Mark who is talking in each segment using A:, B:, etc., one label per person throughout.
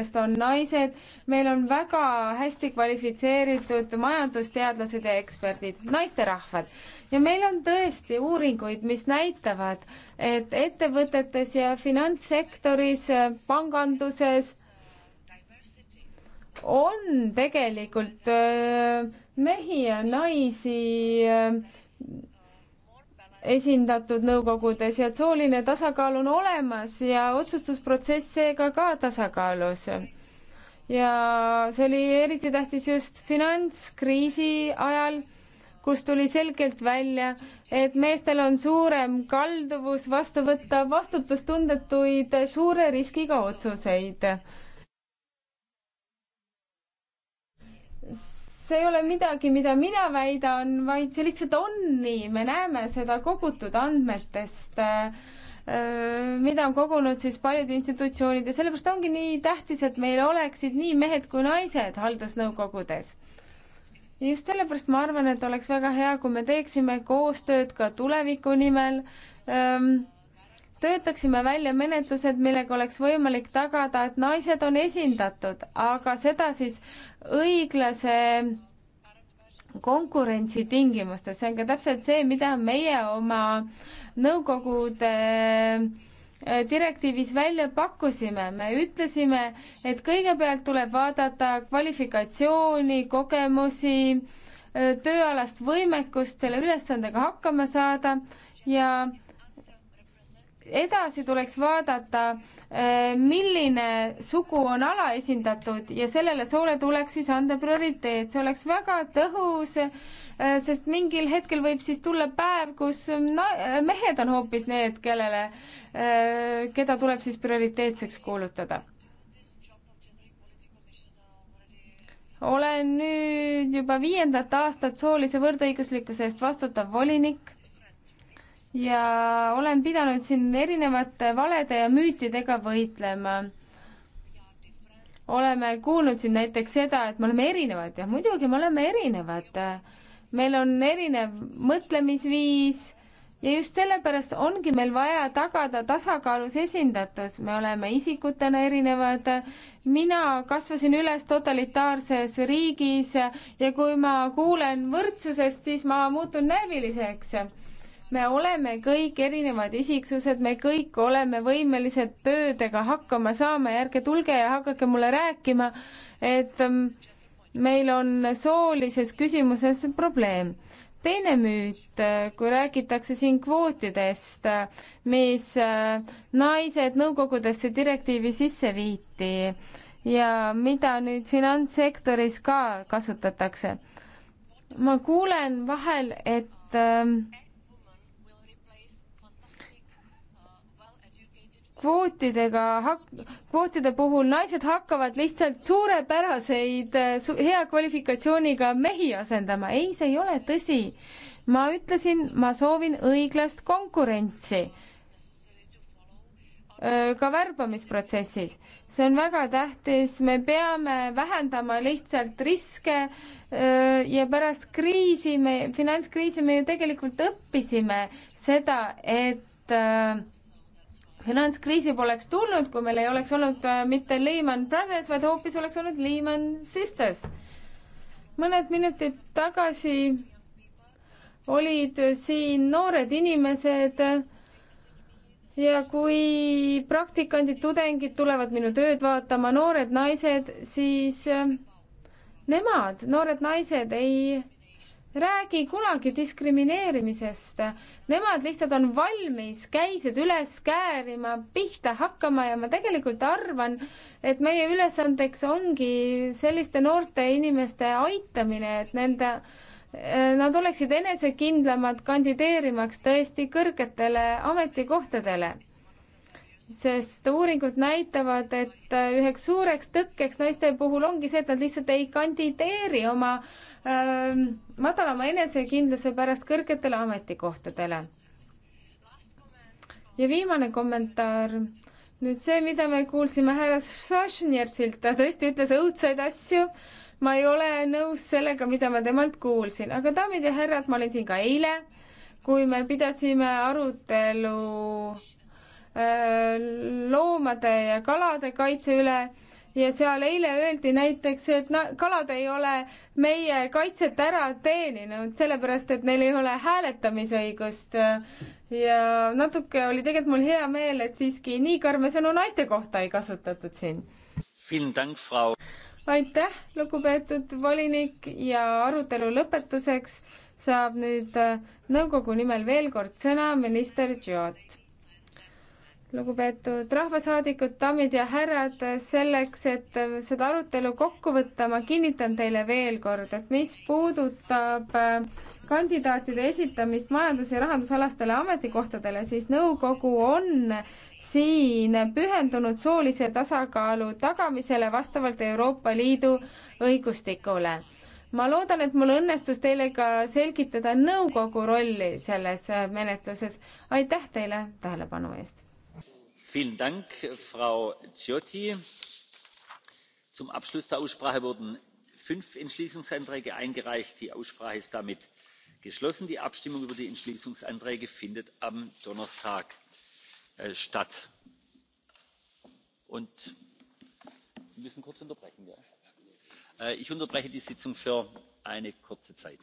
A: millest on naised. meil on väga hästi kvalifitseeritud majandusteadlased ja eksperdid, naisterahvad. ja meil on tõesti uuringuid, mis näitavad, et ettevõtetes ja finantssektoris, panganduses on tegelikult äh, mehi ja naisi äh, esindatud nõukogudes ja sooline tasakaal on olemas ja otsustusprotsess seega ka tasakaalus. ja see oli eriti tähtis just finantskriisi ajal, kus tuli selgelt välja, et meestel on suurem kalduvus vastu võtta vastutustundetuid suure riskiga otsuseid see ei ole midagi, mida mina väidan, vaid see lihtsalt on nii, me näeme seda kogutud andmetest, äh, mida on kogunud siis paljud institutsioonid ja sellepärast ongi nii tähtis, et meil oleksid nii mehed kui naised haldusnõukogudes. just sellepärast ma arvan, et oleks väga hea, kui me teeksime koostööd ka tuleviku nimel töötaksime välja menetlused, millega oleks võimalik tagada, et naised on esindatud, aga seda siis õiglase konkurentsi tingimustes, see on ka täpselt see, mida meie oma nõukogude äh, direktiivis välja pakkusime, me ütlesime, et kõigepealt tuleb vaadata kvalifikatsiooni, kogemusi, äh, tööalast võimekust selle ülesandega hakkama saada ja edasi tuleks vaadata, eh, milline sugu on alaesindatud ja sellele soole tuleks siis anda prioriteet, see oleks väga tõhus, eh, sest mingil hetkel võib siis tulla päev, kus na-, mehed on hoopis need, kellele, eh, keda tuleb siis prioriteetseks kuulutada olen nüüd juba viiendat aastat soolise võrdõiguslikkuse eest vastutav volinik ja olen pidanud siin erinevate valede ja müütidega võitlema. oleme kuulnud siin näiteks seda, et me oleme erinevad, jah muidugi me oleme erinevad. meil on erinev mõtlemisviis ja just sellepärast ongi meil vaja tagada tasakaalus esindatus, me oleme isikutena erinevad. mina kasvasin üles totalitaarses riigis ja kui ma kuulen võrdsusest, siis ma muutun närviliseks me oleme kõik erinevad isiksused, me kõik oleme võimelised töödega hakkama saama ja ärge tulge ja hakake mulle rääkima, et mm, meil on soolises küsimuses probleem. teine müüt, kui räägitakse siin kvootidest, mis äh, naised nõukogudesse direktiivi sisse viiti ja mida nüüd finantssektoris ka kasutatakse. ma kuulen vahel, et äh, kvootidega hak-, kvootide puhul naised hakkavad lihtsalt suurepäraseid äh, su-, hea kvalifikatsiooniga mehi asendama. ei, see ei ole tõsi. ma ütlesin, ma soovin õiglast konkurentsi äh, ka värbamisprotsessis. see on väga tähtis, me peame vähendama lihtsalt riske äh, ja pärast kriisi me, finantskriisi me ju tegelikult õppisime seda, et finantskriisi poleks tulnud, kui meil ei oleks olnud äh, mitte Lehman Brothers, vaid hoopis oleks olnud Lehman Sisters. mõned minutid tagasi olid siin noored inimesed ja kui praktikandid, tudengid tulevad minu tööd vaatama, noored naised, siis äh, nemad, noored naised ei räägi kunagi diskrimineerimisest. Nemad lihtsalt on valmis käised üles käärima, pihta hakkama ja ma tegelikult arvan, et meie ülesandeks ongi selliste noorte inimeste aitamine, et nende, eh, nad oleksid enesekindlamad kandideerimaks tõesti kõrgetele ametikohtadele sest uuringud näitavad, et eh, üheks suureks tõkkeks naiste puhul ongi see, et nad lihtsalt ei kandideeri oma äh, madalama enesekindluse pärast kõrgetele ametikohtadele. ja viimane kommentaar. nüüd see, mida me kuulsime härra Sašnjertsilt, ta tõesti ütles õudsaid asju. ma ei ole nõus sellega, mida ma temalt kuulsin, aga daamid ja härrad, ma olin siin ka eile, kui me pidasime arutelu loomade ja kalade kaitse üle ja seal eile öeldi näiteks, et na, kalad ei ole meie kaitset ära teeninud, sellepärast et neil ei ole hääletamisõigust. ja natuke oli tegelikult mul hea meel, et siiski nii karme sõnu naiste kohta ei kasutatud siin. aitäh, lugupeetud volinik ja arutelu lõpetuseks saab nüüd äh, nõukogu nimel veel kord sõna minister Jot lugupeetud rahvasaadikud, daamid ja härrad, selleks, et seda arutelu kokku võtta, ma kinnitan teile veel kord, et mis puudutab äh, kandidaatide esitamist majandus- ja rahandusalastele ametikohtadele, siis nõukogu on siin pühendunud soolise tasakaalu tagamisele vastavalt Euroopa Liidu õigustikule ma loodan, et mul õnnestus teile ka selgitada nõukogu rolli selles äh, menetluses. aitäh teile tähelepanu eest! vielen dank frau ciotti. zum abschluss der aussprache wurden fünf entschließungsanträge eingereicht. die aussprache ist damit geschlossen. die abstimmung über die entschließungsanträge findet am donnerstag äh, statt. wir
B: müssen kurz unterbrechen.
A: Äh, ich unterbreche die sitzung für eine kurze zeit.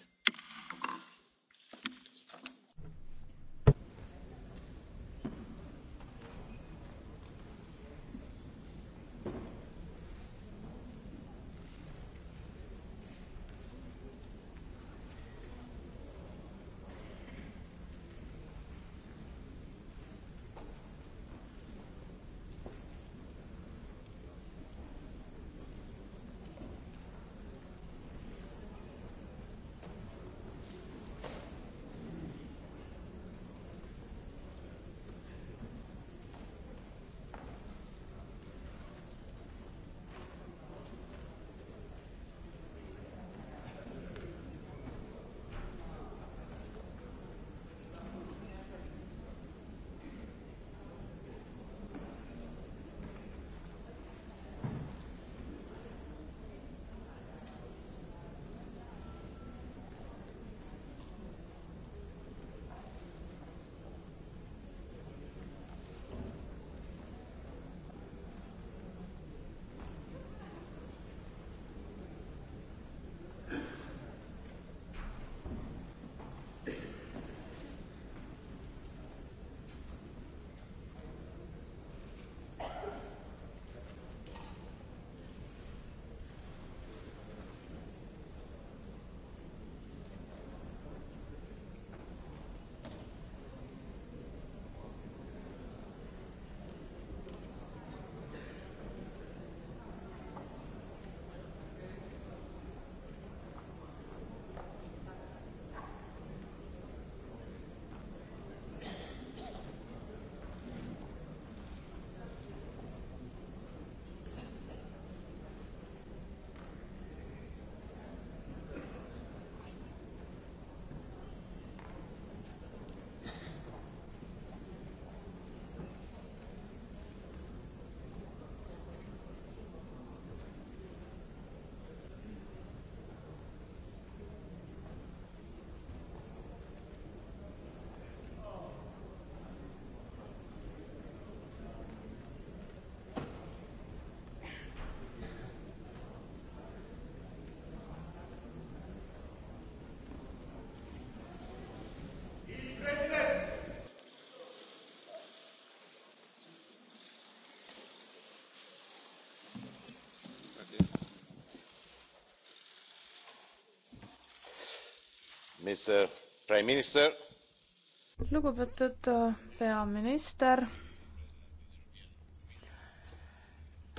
C: lugupeetud äh, peaminister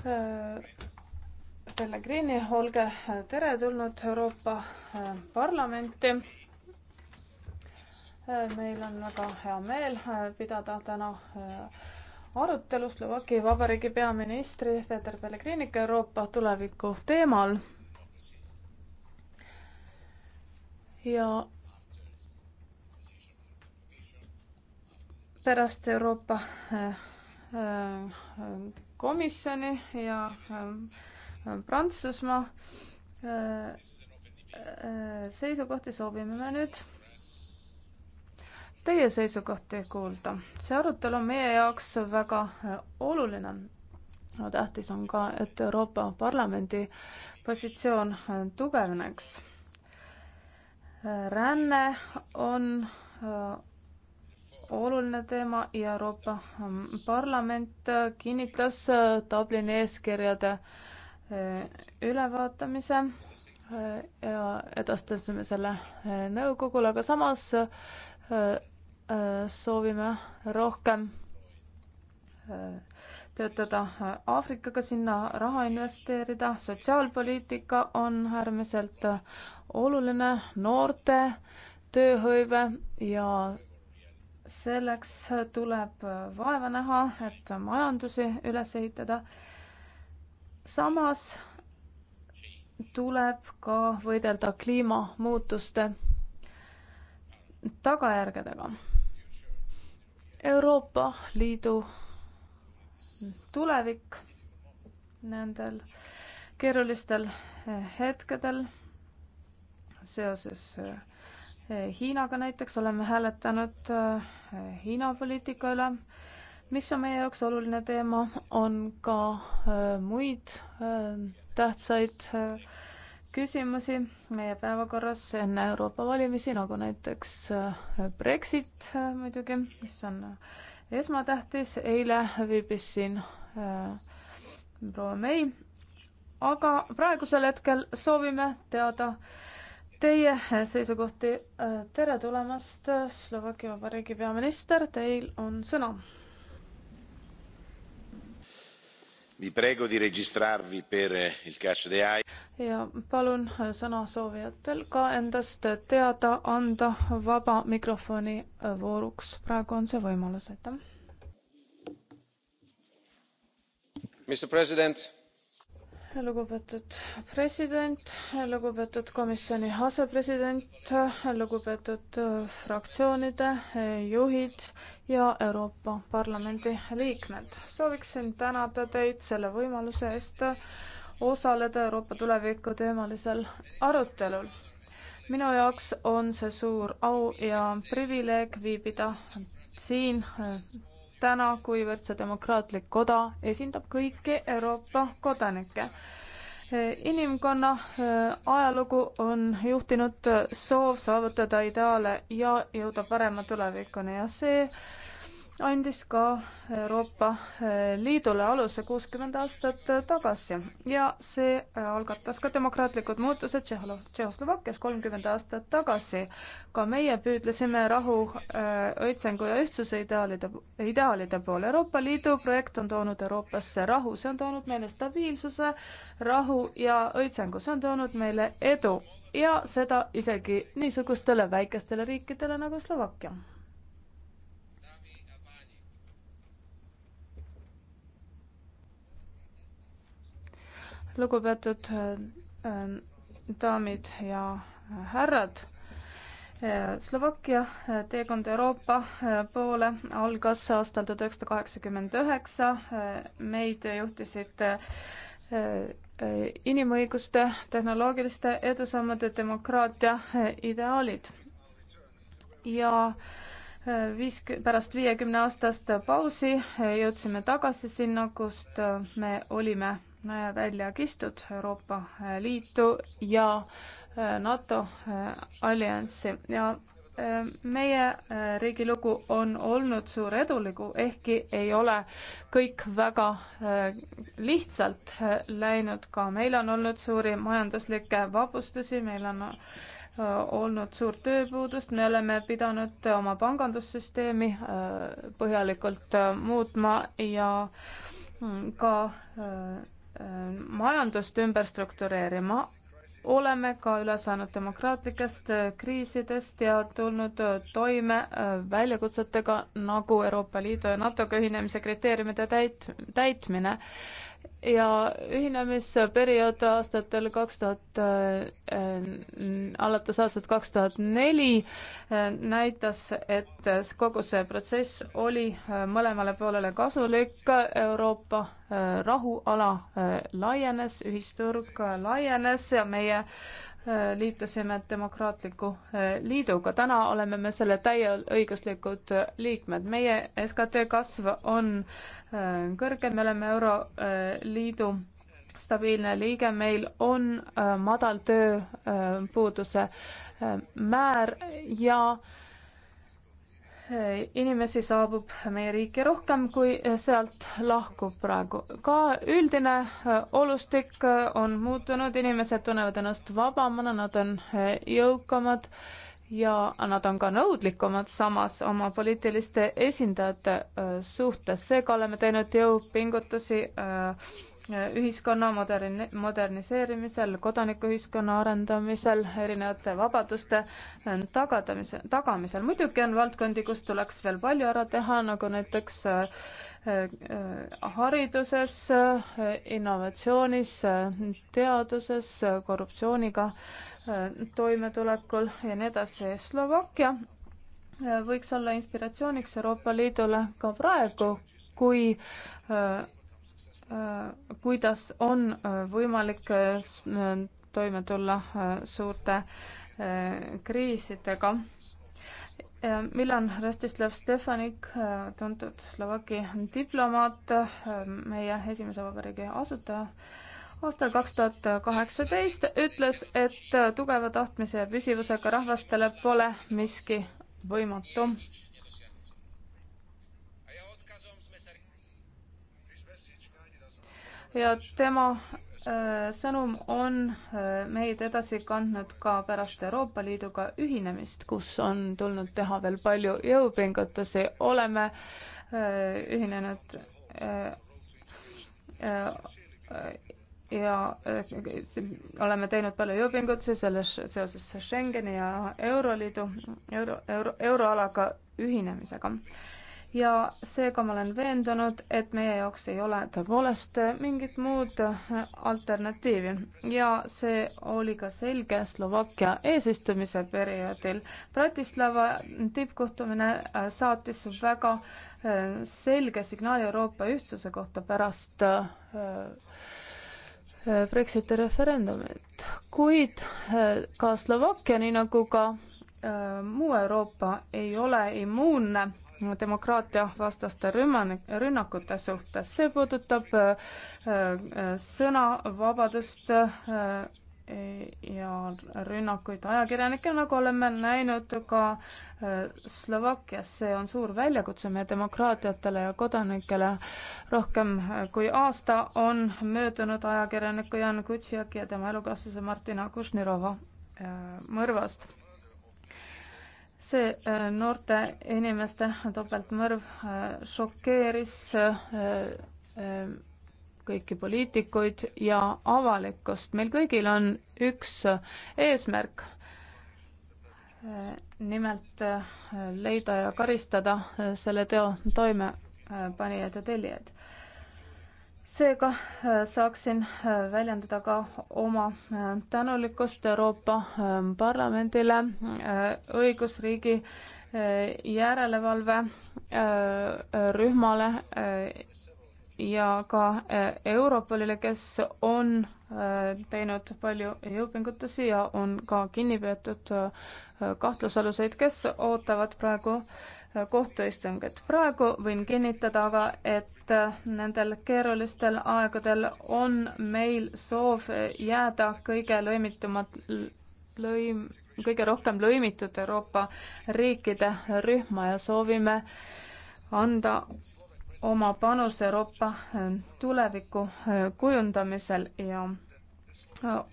C: äh, pellegrini olge teretulnud euroopa äh, parlamenti meil on väga hea meel pidada täna arutelu slovakkia vabariigi peaministri peeter pellegriniga euroopa tuleviku teemal ja pärast Euroopa äh, äh, Komisjoni ja äh, Prantsusmaa seisukohti soovime me nüüd teie seisukohti kuulda. see arutelu on meie jaoks väga oluline. tähtis on ka, et Euroopa Parlamendi positsioon tugevneks. ränne on oluline teema ja Euroopa mm, Parlament äh, kinnitas äh, Dublini eeskirjade äh, ülevaatamise ja edastasime selle nõukogule, aga samas soovime rohkem töötada Aafrikaga, sinna raha investeerida, sotsiaalpoliitika on äärmiselt oluline, noorte tööhõive ja selleks tuleb vaeva näha, et majandusi üles ehitada. samas tuleb ka võidelda kliimamuutuste tagajärgedega. Euroopa Liidu tulevik nendel keerulistel hetkedel seoses äh, Hiinaga näiteks oleme hääletanud äh, Hiina poliitika üle. mis on meie jaoks oluline teema, on ka äh, muid äh, tähtsaid küsimusi meie päevakorras enne Euroopa valimisi, nagu näiteks Brexit muidugi, mis on esmatähtis, eile viibis siin proua May, aga praegusel hetkel soovime teada äh, teie seisukohti. Äh, tere tulemast, äh, Slovakkia Vabariigi peaminister, teil on sõna. Eh, ja palun äh, sõnasoovijatel ka endast teada anda vaba mikrofoni vooruks. praegu on see võimalus, aitäh.
B: Mr President
C: lugupeetud president, lugupeetud komisjoni asepresident, lugupeetud fraktsioonide juhid ja Euroopa Parlamendi liikmed. sooviksin tänada teid selle võimaluse eest osaleda Euroopa tuleviku teemalisel arutelul. minu jaoks on see suur au ja privileeg viibida siin täna, kuivõrd see demokraatlik koda esindab kõiki Euroopa kodanikke inimkonna äh, ajalugu on juhtinud soov saavutada ideaale ja jõuda parema tulevikuni ja see andis ka Euroopa eh, Liidule aluse kuuskümmend aastat eh, tagasi ja see eh, algatas ka demokraatlikud muutused Tšehhoslovakkias kolmkümmend aastat tagasi. ka meie püüdlesime rahu, õitsengu ja ühtsuse ideaalide, ideaalide poole. Euroopa Liidu projekt on toonud Euroopasse rahu, see on toonud meile stabiilsuse, rahu ja õitsengu, see on toonud meile edu ja seda isegi niisugustele väikestele riikidele nagu Slovakkia lugupeetud äh, äh, daamid ja härrad. Äh, Slovakkia teekond Euroopa poole algas aastal tuhat üheksasada kaheksakümmend üheksa. meid juhtisid inimõiguste, tehnoloogiliste edusammude demokraatia ideaalid ja viis, pärast viiekümne aastast pausi jõudsime tagasi sinna, kust me olime välja kistud Euroopa Liitu ja äh, NATO äh, allianssi ja äh, meie riigi lugu on olnud suur edulugu, ehkki ei ole kõik väga lihtsalt läinud ka. meil on olnud suuri majanduslikke vabastusi, meil on olnud suurt tööpuudust, me oleme pidanud oma pangandussüsteemi põhjalikult muutma ja mm, ka majandust ümber struktureerima, oleme ka üle saanud demokraatlikest äh, kriisidest ja tulnud äh, toime äh, väljakutsetega nagu Euroopa Liidu ja NATO-ga ühinemise kriteeriumide täit-, täitmine ja ühinemisperiood aastatel kaks tuhat, äh, alates aastast kaks tuhat neli äh, näitas, et kogu see protsess oli äh, mõlemale poolele kasulik, Euroopa rahuala laienes, ühisturg laienes ja meie liitusime Demokraatliku eh, Liiduga. täna oleme me selle täieõiguslikud eh, liikmed. meie SKT kasv on eh, kõrge, me oleme Euroliidu stabiilne liige, meil on madal tööpuuduse määr ja äh, inimesi saabub meie riiki rohkem, kui sealt lahkub praegu. ka üldine äh, olustik äh, on muutunud, inimesed tunnevad ennast vabamana, nad on äh, jõukamad ja nad on ka nõudlikumad samas oma poliitiliste esindajate suhtes, seega oleme teinud jõupingutusi ühiskonna moderni-, moderniseerimisel, kodanikuühiskonna arendamisel, erinevate vabaduste äh, tagadamise, tagamisel. muidugi on valdkondi, kus tuleks veel palju ära teha, nagu näiteks äh, äh, hariduses, innovatsioonis, teaduses, korruptsiooniga toimetulekul ja nii edasi. Slovakkia võiks olla inspiratsiooniks Euroopa Liidule ka praegu, kui Äh, kuidas on äh, võimalik äh, toime tulla suurte kriisidega. Milan Rastislav Stefanik, tuntud Slovaki diplomaat, meie esimese vabariigi asutaja, aastal kaks tuhat kaheksateist ütles, et tugeva tahtmise ja püsivusega rahvastele pole miski võimatu ja tema äh, sõnum on äh, meid edasi kandnud ka pärast Euroopa Liiduga ühinemist, kus on tulnud teha veel palju jõupingutusi, oleme äh, ühinenud ja oleme teinud palju jõupingutusi selles seoses Schengeni ja Euroliidu, euro, euro, euroalaga ühinemisega ja seega ma olen veendunud, et meie jaoks ei ole tõepoolest mingit muud äh, alternatiivi ja see oli ka selge Slovakkia eesistumise perioodil. Bratislava tippkohtumine äh, saatis väga äh, selge signaali Euroopa ühtsuse kohta pärast Brexiti referendumit, kuid ka Slovakkia, nii nagu ka muu Euroopa, ei ole immuunne demokraatia vastaste rümman-, rünnakute suhtes. see puudutab äh, äh, sõnavabadust äh, ja rünnakuid ajakirjanikel, nagu oleme näinud ka Slovakkias. see on suur väljakutse meie demokraatiatele ja kodanikele. rohkem kui aasta on möödunud ajakirjaniku Jan Kutšjaki ja tema elukaaslase Martina Kušnirova mõrvast see äh, noorte inimeste topeltmõrv äh, šokeeris äh, kõiki poliitikuid ja avalikkust. meil kõigil on üks eesmärk. nimelt leida ja karistada selle teo toimepanijad ja tellijad seega äh, saaksin äh, väljendada ka oma äh, tänulikkust Euroopa ähm, Parlamendile õigusriigi järelevalve rühmale ja ka Europolile, kes on teinud palju jõupingutusi ja on ka kinni peetud kahtlusaluseid, kes ootavad praegu äh, kohtuistungid. praegu võin kinnitada aga, et nendel keerulistel aegadel on meil soov jääda kõige lõimitumad, lõim, kõige rohkem lõimitud Euroopa riikide rühma ja soovime anda oma panus Euroopa tuleviku kujundamisel ja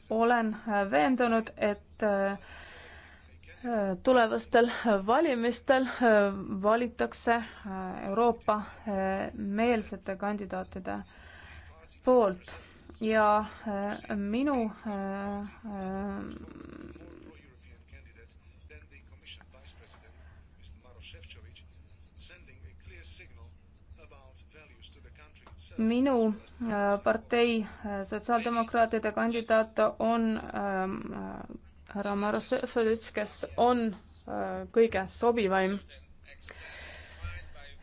C: olen veendunud, et tulevastel valimistel äh, valitakse äh, Euroopa äh, meelsete kandidaatide poolt ja minu minu partei sotsiaaldemokraatide kandidaat on ähm, härra Marosefovitš, kes on äh, kõige sobivaim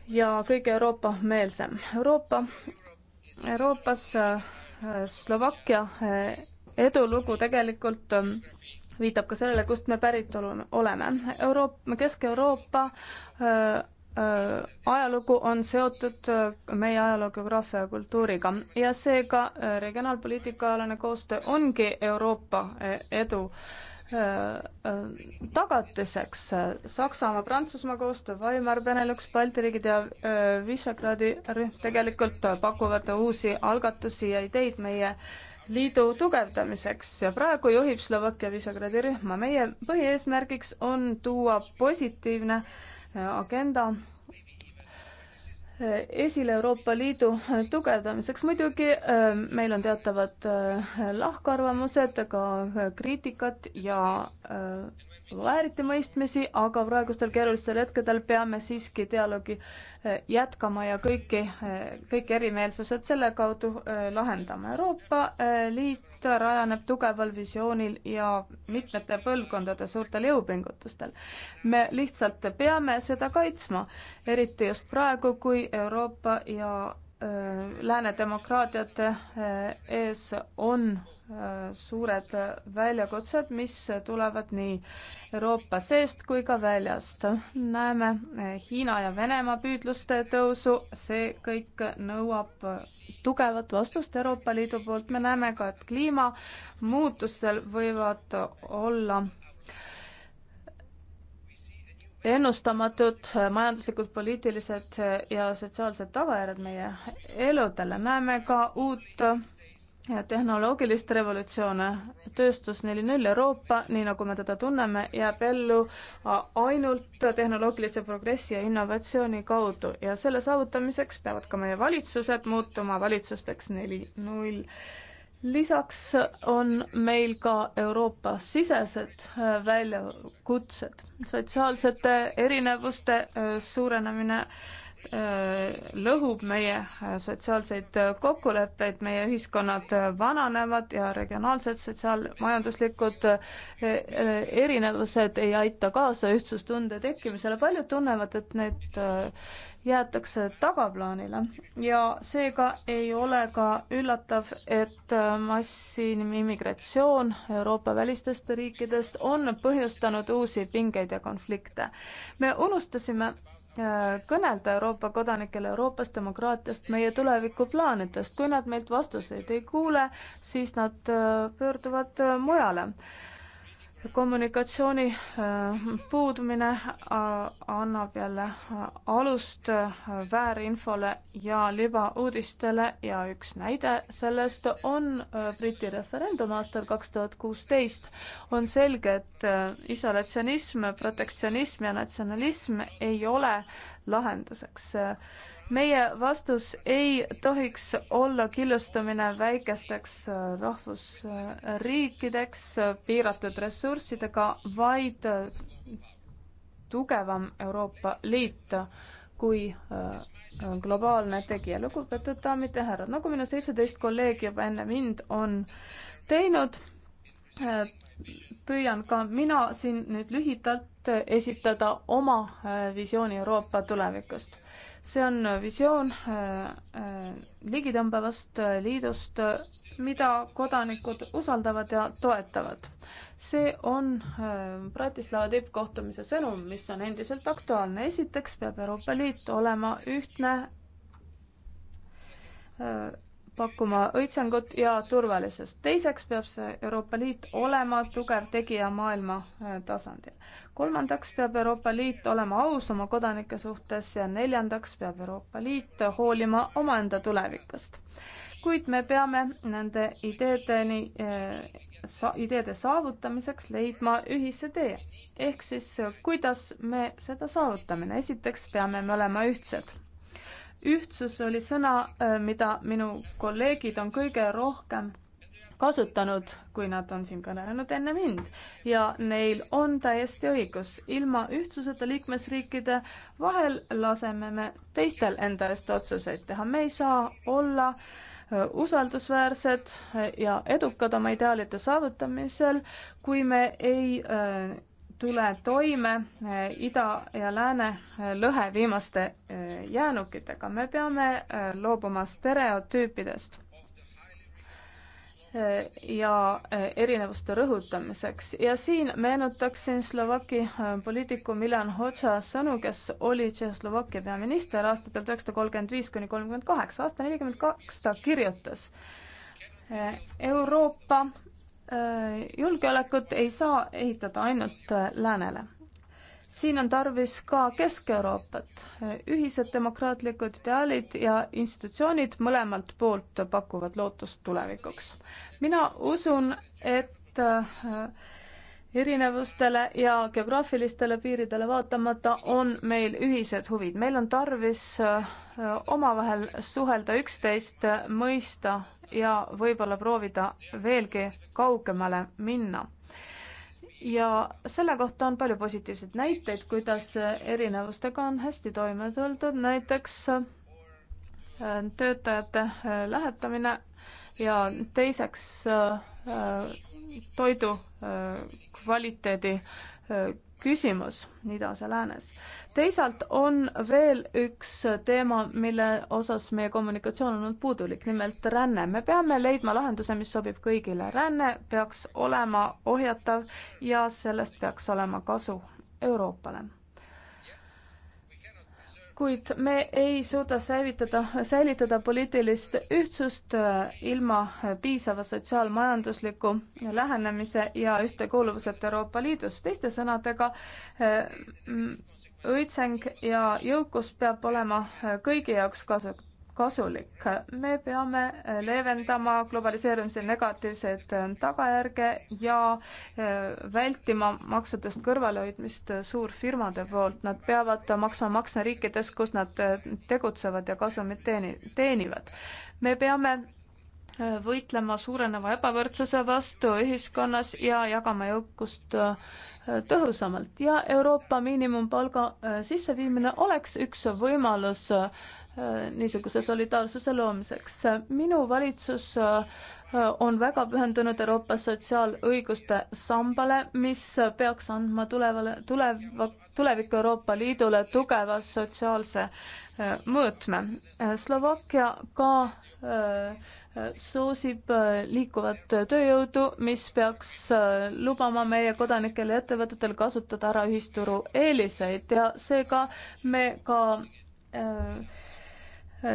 C: ja kõige Euroopa-meelsem. Euroopa, Euroopas äh, Slovakkia äh, edulugu tegelikult ähm, viitab ka sellele, kust me pärit oleme. Euroopa, Kesk-Euroopa ajalugu on seotud meie ajaloo, geograafia ja kultuuriga ja seega regionaalpoliitikaalane koostöö ongi Euroopa edu äh, tagatiseks Saksamaa, Prantsusmaa koostöö, Weimar, Benelux, Balti riigid ja äh, Visegradi rühm tegelikult pakuvad uusi algatusi ja ideid meie liidu tugevdamiseks ja praegu juhib Slovakkia Visegradi rühma. meie põhieesmärgiks on tuua positiivne äh, agenda esile Euroopa Liidu tugevdamiseks. muidugi äh, meil on teatavad äh, lahkarvamused, ka äh, kriitikat ja vääritimõistmisi, aga praegustel keerulistel hetkedel peame siiski dialoogi jätkama ja kõiki, kõik erimeelsused selle kaudu lahendama. Euroopa Liit rajaneb tugeval visioonil ja mitmete põlvkondade suurtel jõupingutustel. me lihtsalt peame seda kaitsma, eriti just praegu, kui Euroopa ja lääne demokraatiate ees on suured väljakutsed, mis tulevad nii Euroopa seest kui ka väljast. näeme Hiina ja Venemaa püüdluste tõusu, see kõik nõuab tugevat vastust Euroopa Liidu poolt. me näeme ka, et kliimamuutusel võivad olla ennustamatud majanduslikud, poliitilised ja sotsiaalsed tagajärjed meie eludele. näeme ka uut tehnoloogilist revolutsioone. tööstus neli null Euroopa, nii nagu me teda tunneme, jääb ellu ainult tehnoloogilise progressi ja innovatsiooni kaudu ja selle saavutamiseks peavad ka meie valitsused muutuma valitsusteks neli null lisaks on meil ka Euroopa-sisesed äh, väljakutsed, sotsiaalsete erinevuste äh, suurenemine Äh, lõhub meie äh, sotsiaalseid äh, kokkuleppeid, meie ühiskonnad vananevad ja regionaalsed sotsiaalmajanduslikud erinevused ei aita kaasa ühtsustunde tekkimisele, paljud tunnevad, et need jäetakse tagaplaanile ja seega ei ole ka üllatav, et massiline immigratsioon Euroopa välistest riikidest on põhjustanud uusi pingeid ja konflikte. me unustasime Äh, kõnelda Euroopa kodanikele Euroopast, demokraatiast, meie tulevikuplaanidest. kui nad meilt vastuseid ei kuule, siis nad äh, pöörduvad äh, mujale kommunikatsiooni äh, puudumine äh, annab jälle äh, alust väärinfole ja libauudistele ja üks näide sellest on Briti referendum aastal kaks tuhat kuusteist. on selge, et isolatsionism, protektsionism ja natsionalism ei ole lahenduseks meie vastus ei tohiks olla killustumine väikesteks äh, rahvusriikideks äh, piiratud ressurssidega, vaid äh, tugevam Euroopa Liit kui globaalne tegija. lugupeetud daamid ja härrad, nagu minu seitseteist kolleegi juba enne mind on teinud, püüan ka mina siin nüüd lühidalt esitada oma äh, visiooni Euroopa tulevikust. see on äh, visioon äh, ligitõmbavast liidust, mida kodanikud usaldavad ja toetavad. see on Bratislava tippkohtumise sõnum, mis on endiselt aktuaalne. esiteks peab Euroopa Liit olema ühtne pakkuma õitsengut ja turvalisust. teiseks peab see Euroopa Liit olema tugev tegija maailma äh, tasandil. kolmandaks peab Euroopa Liit olema aus oma kodanike suhtes ja neljandaks peab Euroopa Liit hoolima omaenda tulevikust. kuid me peame nende ideedeni äh, sa-, ideede saavutamiseks leidma ühise tee. ehk siis, äh, kuidas me seda saavutame, esiteks peame me olema ühtsed ühtsus oli sõna, äh, mida minu kolleegid on kõige rohkem kasutanud, kui nad on siin kõnelenud enne mind ja neil on täiesti õigus. ilma ühtsuseta liikmesriikide vahel laseme me teistel enda eest otsuseid teha, me ei saa olla äh, usaldusväärsed äh, ja edukad oma ideaalide saavutamisel, kui me ei äh, tule toime eh, ida ja lääne eh, lõhe viimaste eh, jäänukitega. me peame loobuma stereotüüpidest ja erinevuste rõhutamiseks ja siin meenutaksin Slovaki poliitiku Milan Hoca sõnu, kes oli Tšehhoslovakkia peaminister aastatel üheksasada kolmkümmend viis kuni kolmkümmend kaheksa, aasta nelikümmend kaks ta kirjutas. Euroopa Äh, julgeolekut ei saa ehitada ainult äh, läänele. siin on tarvis ka Kesk-Euroopat. Äh, ühised demokraatlikud ideaalid ja institutsioonid mõlemalt poolt pakuvad lootust tulevikuks. mina usun, et erinevustele ja geograafilistele piiridele vaatamata on meil ühised huvid. meil on tarvis äh, omavahel suhelda, üksteist mõista ja võib-olla proovida veelgi kaugemale minna. ja selle kohta on palju positiivseid näiteid, kuidas erinevustega on hästi toime tuldud, näiteks äh, töötajate äh, lähetamine ja teiseks toidu äh, kvaliteedi äh, küsimus idas ja läänes. teisalt on veel üks teema, mille osas meie kommunikatsioon on olnud puudulik, nimelt ränne. me peame leidma lahenduse, mis sobib kõigile. ränne peaks olema ohjatav ja sellest peaks olema kasu Euroopale kuid me ei suuda säilitada, säilitada poliitilist ühtsust äh, ilma piisava sotsiaalmajandusliku lähenemise ja ühtekuuluvuseta Euroopa Liidus. teiste sõnadega, äh, õitseng ja jõukus peab olema äh, kõigi jaoks kasu-, kasulik. me peame äh, leevendama globaliseerumise negatiivseid äh, tagajärge ja äh, vältima maksudest kõrvalehoidmist suurfirmade poolt. Nad peavad maksma makse riikides, kus nad tegutsevad ja kasumit teeni-, teenivad. me peame võitlema suureneva ebavõrdsuse vastu ühiskonnas ja jagama jõukust tõhusamalt ja Euroopa miinimumpalga sisseviimine oleks üks võimalus Äh, niisuguse solidaarsuse loomiseks. minu valitsus äh, on väga pühendunud Euroopa sotsiaalõiguste sambale, mis peaks andma tulevale, tuleva, tuleviku Euroopa Liidule tugeva sotsiaalse äh, mõõtme. Slovakkia ka soosib liikuvat tööjõudu, mis peaks lubama meie kodanikel ja ettevõtetel kasutada ära ühisturu eeliseid ja seega me ka äh,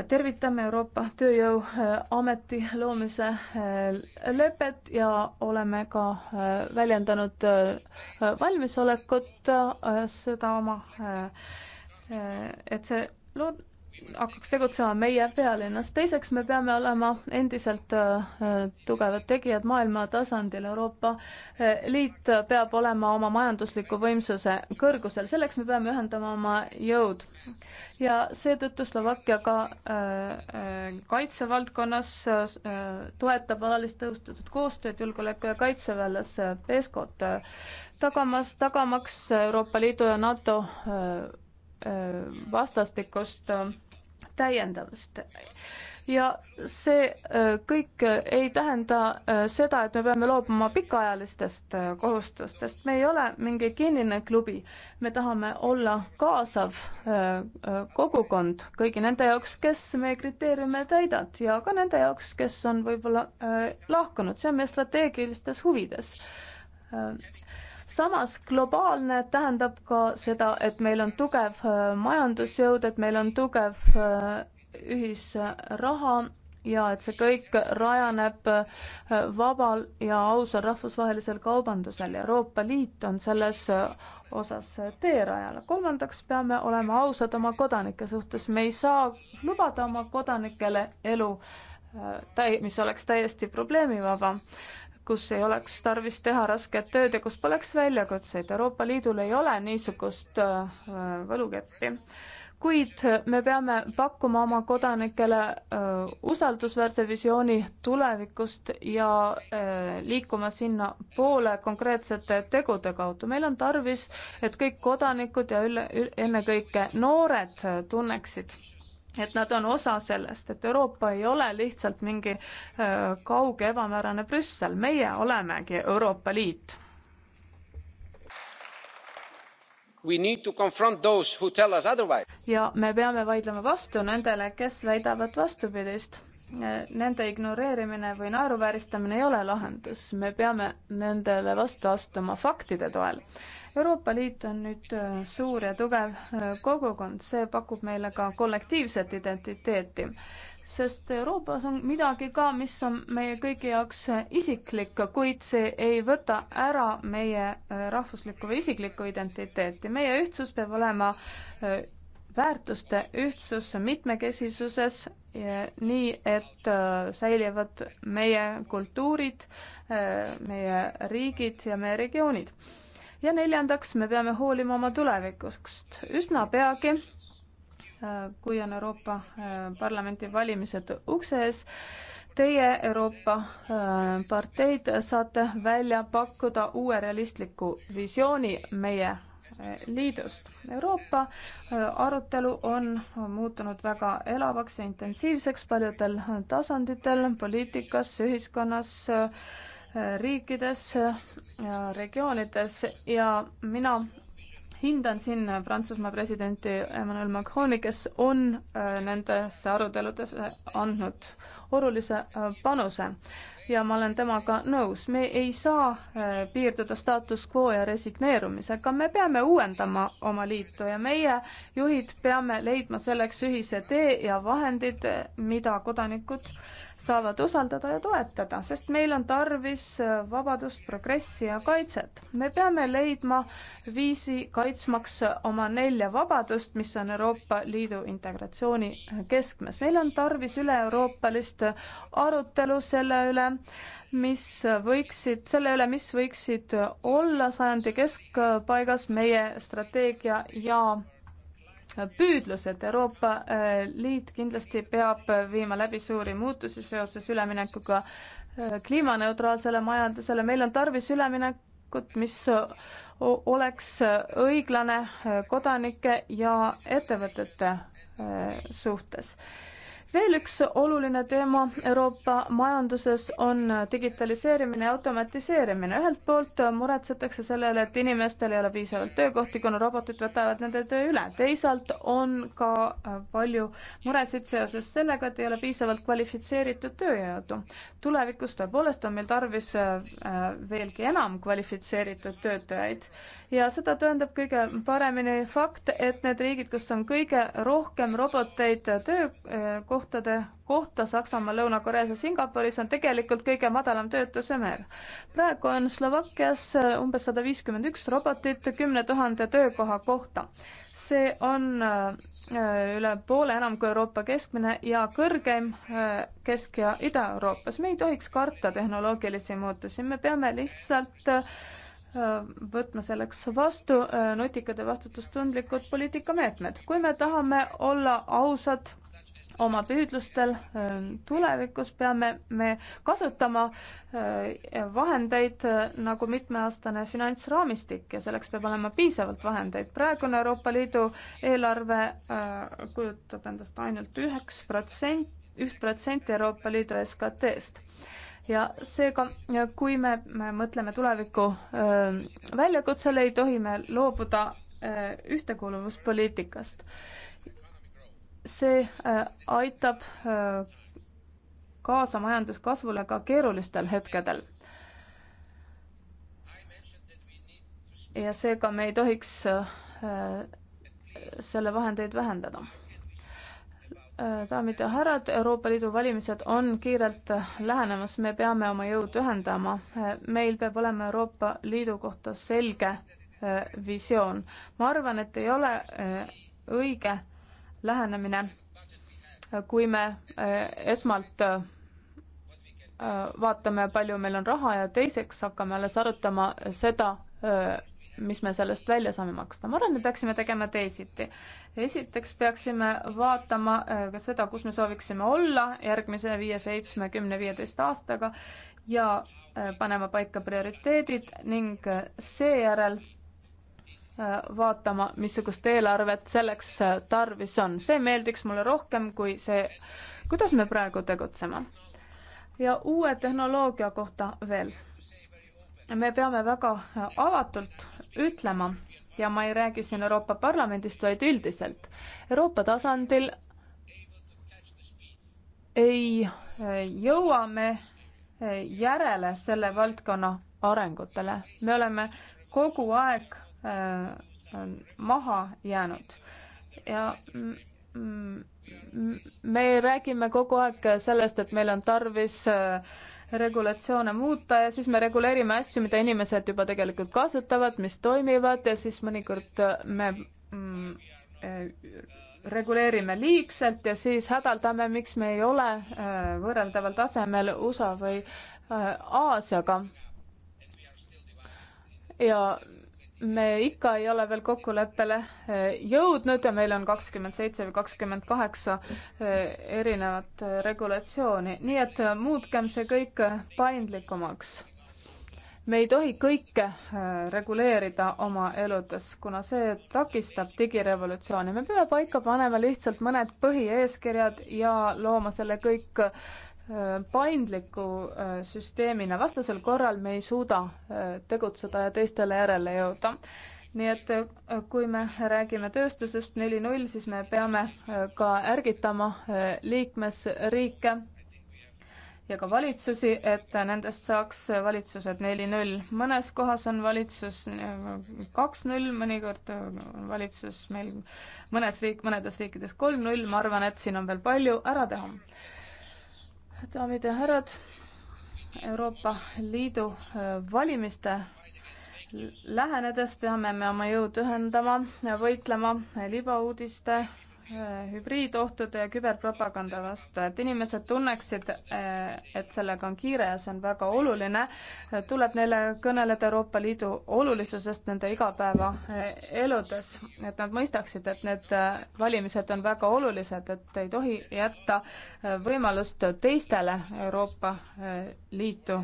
C: tervitame Euroopa Tööjõuameti loomise äh, lepet ja oleme ka äh, väljendanud äh, valmisolekut seda oma, et see lood-, hakkaks tegutsema meie pealinnas. teiseks, me peame olema endiselt äh, tugevad tegijad maailma tasandil. Euroopa äh, Liit peab olema oma majandusliku võimsuse kõrgusel, selleks me peame ühendama oma jõud. ja seetõttu Slovakkia ka äh, kaitsevaldkonnas toetab alalist tõhustatud koostööd julgeoleku ja kaitse väljas PESCO-t, tagamas, tagamaks Euroopa Liidu ja NATO Äh, vastastikust äh, täiendavust. ja see äh, kõik ei tähenda seda, et me peame loobuma pikaajalistest kohustustest, me ei ole mingi kinnine klubi. me tahame olla kaasav kogukond kõigi nende jaoks, kes meie kriteeriume täidavad ja ka nende jaoks, kes on võib-olla lahkunud, see on meie strateegilistes huvides samas globaalne tähendab ka seda, et meil on tugev äh, majandusjõud, et meil on tugev äh, ühisraha ja et see kõik rajaneb äh, vabal ja ausal rahvusvahelisel kaubandusel ja Euroopa Liit on selles osas teerajal. kolmandaks peame olema ausad oma kodanike suhtes, me ei saa lubada oma kodanikele elu, mis oleks täiesti probleemivaba kus ei oleks tarvis teha rasket tööd ja kus poleks väljakutseid. Euroopa Liidul ei ole niisugust äh, võlukeppi. kuid me peame pakkuma oma kodanikele äh, usaldusväärse visiooni tulevikust ja äh, liikuma sinna poole konkreetsete tegude kaudu. meil on tarvis, et kõik kodanikud ja üle, ennekõike noored tunneksid et nad on osa sellest, et Euroopa ei ole lihtsalt mingi äh, kauge ebamäärane Brüssel, meie olemegi Euroopa Liit. ja me peame vaidlema vastu nendele, kes väidavad vastupidist. Äh, nende ignoreerimine või naeruvääristamine ei ole lahendus, me peame nendele vastu astuma faktide toel Euroopa Liit on nüüd äh, suur ja tugev äh, kogukond, see pakub meile ka kollektiivset identiteeti, sest Euroopas on midagi ka, mis on meie kõigi jaoks äh, isiklik, kuid see ei võta ära meie rahvuslikku või isiklikku identiteeti. meie ühtsus peab olema väärtuste ühtsus mitmekesisuses, nii et säilivad meie kultuurid, meie riigid ja meie regioonid ja neljandaks, me peame hoolima oma tulevikust. üsna peagi, äh, kui on Euroopa äh, Parlamendi valimised ukse ees, teie Euroopa äh, parteid saate välja pakkuda uue realistliku visiooni meie Liidust. Euroopa arutelu on muutunud väga elavaks ja intensiivseks paljudel tasanditel, poliitikas, ühiskonnas riikides ja regioonides ja mina hindan siin Prantsusmaa presidenti Emmanuel Macroni, kes on äh, nendesse aruteludesse andnud olulise äh, panuse ja ma olen temaga nõus. me ei saa äh, piirduda status quo ja resigneerumisega, me peame uuendama oma liitu ja meie juhid peame leidma selleks ühise tee ja vahendid, äh, mida kodanikud saavad usaldada ja toetada, sest meil on tarvis vabadust, progressi ja kaitset. me peame leidma viisi kaitsmaks oma nelja vabadust, mis on Euroopa Liidu integratsiooni keskmes. meil on tarvis üle-euroopalist tõsist arutelu selle üle, mis võiksid, selle üle, mis võiksid olla sajandi keskpaigas meie strateegia ja püüdlused. Euroopa eh, Liit kindlasti peab viima läbi suuri muutusi seoses üleminekuga eh, kliimaneutraalsele majandusele. meil on tarvis üleminekut, mis oleks õiglane eh, kodanike ja ettevõtete suhtes veel üks oluline teema Euroopa majanduses on digitaliseerimine ja automatiseerimine. ühelt poolt muretsetakse sellele, et inimestel ei ole piisavalt töökohti, kuna robotid võtavad nende töö üle. teisalt on ka palju muresid seoses sellega, et ei ole piisavalt kvalifitseeritud tööjõudu. tulevikus tõepoolest on meil tarvis äh, veelgi enam kvalifitseeritud töötajaid ja seda tõendab kõige paremini fakt, et need riigid, kus on kõige rohkem roboteid töökohtade eh, kohta Saksamaal, Lõuna-Koreas ja Singapuris, on tegelikult kõige madalam töötuse määr. praegu on Slovakkias eh, umbes sada viiskümmend üks robotit kümne tuhande töökoha kohta. see on eh, üle poole enam kui Euroopa keskmine ja kõrgeim Kesk- ja Ida-Euroopas. me ei tohiks karta tehnoloogilisi muutusi, me peame lihtsalt võtma selleks vastu äh, nutikad ja vastutustundlikud poliitikameetmed. kui me tahame olla ausad oma püüdlustel äh, tulevikus, peame me kasutama äh, vahendeid nagu mitmeaastane finantsraamistik ja selleks peab olema piisavalt vahendeid. praegune Euroopa Liidu eelarve kujutab endast ainult üheks protsent, üht protsenti Euroopa Liidu SKT-st ja seega, kui me, me mõtleme tuleviku väljakutsele, ei tohi me loobuda ühtekuuluvuspoliitikast. see aitab kaasa majanduskasvule ka keerulistel hetkedel. ja seega me ei tohiks selle vahendeid vähendada Äh, daamid ja härrad, Euroopa Liidu valimised on kiirelt lähenemas, me peame oma jõud ühendama. Äh, meil peab olema Euroopa Liidu kohta selge äh, visioon. ma arvan, et ei ole õige lähenemine, kui me esmalt vaatame, palju meil on raha ja teiseks hakkame alles arutama seda, mis me sellest välja saame maksta. ma arvan, et me peaksime tegema teisiti. esiteks peaksime vaatama äh, ka seda, kus me sooviksime olla järgmise viie, seitsme, kümne, viieteist aastaga ja äh, panema paika prioriteedid ning äh, seejärel vaatama, missugust eelarvet selleks tarvis on. see meeldiks mulle rohkem kui see, kuidas me praegu tegutseme. ja uue tehnoloogia kohta veel me peame väga avatult ütlema ja ma ei räägi siin Euroopa Parlamendist, vaid üldiselt Euroopa tasandil ei jõua me järele selle valdkonna arengutele, me oleme kogu aeg äh, maha jäänud ja me räägime kogu aeg sellest, et meil on tarvis äh, regulatsioone muuta ja siis me reguleerime asju, mida inimesed juba tegelikult kasutavad, mis toimivad ja siis mõnikord me mm, reguleerime liigselt ja siis hädaldame, miks me ei ole äh, võrreldaval tasemel USA või äh, Aasiaga. ja me ikka ei ole veel kokkuleppele eh, jõudnud ja meil on kakskümmend seitse või kakskümmend kaheksa eh, erinevat eh, regulatsiooni, nii et muutkem see kõik paindlikumaks. me ei tohi kõike reguleerida oma eludes, kuna see takistab digirevolutsiooni. me peame paika panema lihtsalt mõned põhieeskirjad ja looma selle kõik paindliku äh, süsteemina, vastasel korral me ei suuda äh, tegutseda ja teistele järele jõuda. nii et äh, kui me räägime tööstusest neli null, siis me peame ka ärgitama liikmesriike ja ka valitsusi, et nendest saaks valitsused neli null. mõnes kohas on valitsus kaks null, mõnikord on valitsus meil mõnes riik, mõnedes riikides kolm null, ma arvan, et siin on veel palju ära teha daamid ja härrad, Euroopa Liidu äh, valimiste lähenedes peame me oma jõud ühendama ja võitlema äh, libauudiste Äh, hübriidohtude ja küberpropaganda vastu, et inimesed tunneksid, äh, et sellega on kiire ja see on väga oluline, tuleb neile kõneleda Euroopa Liidu olulisusest nende igapäevaeludes, äh, et nad mõistaksid, et need valimised on väga olulised, et ei tohi jätta võimalust teistele Euroopa Liitu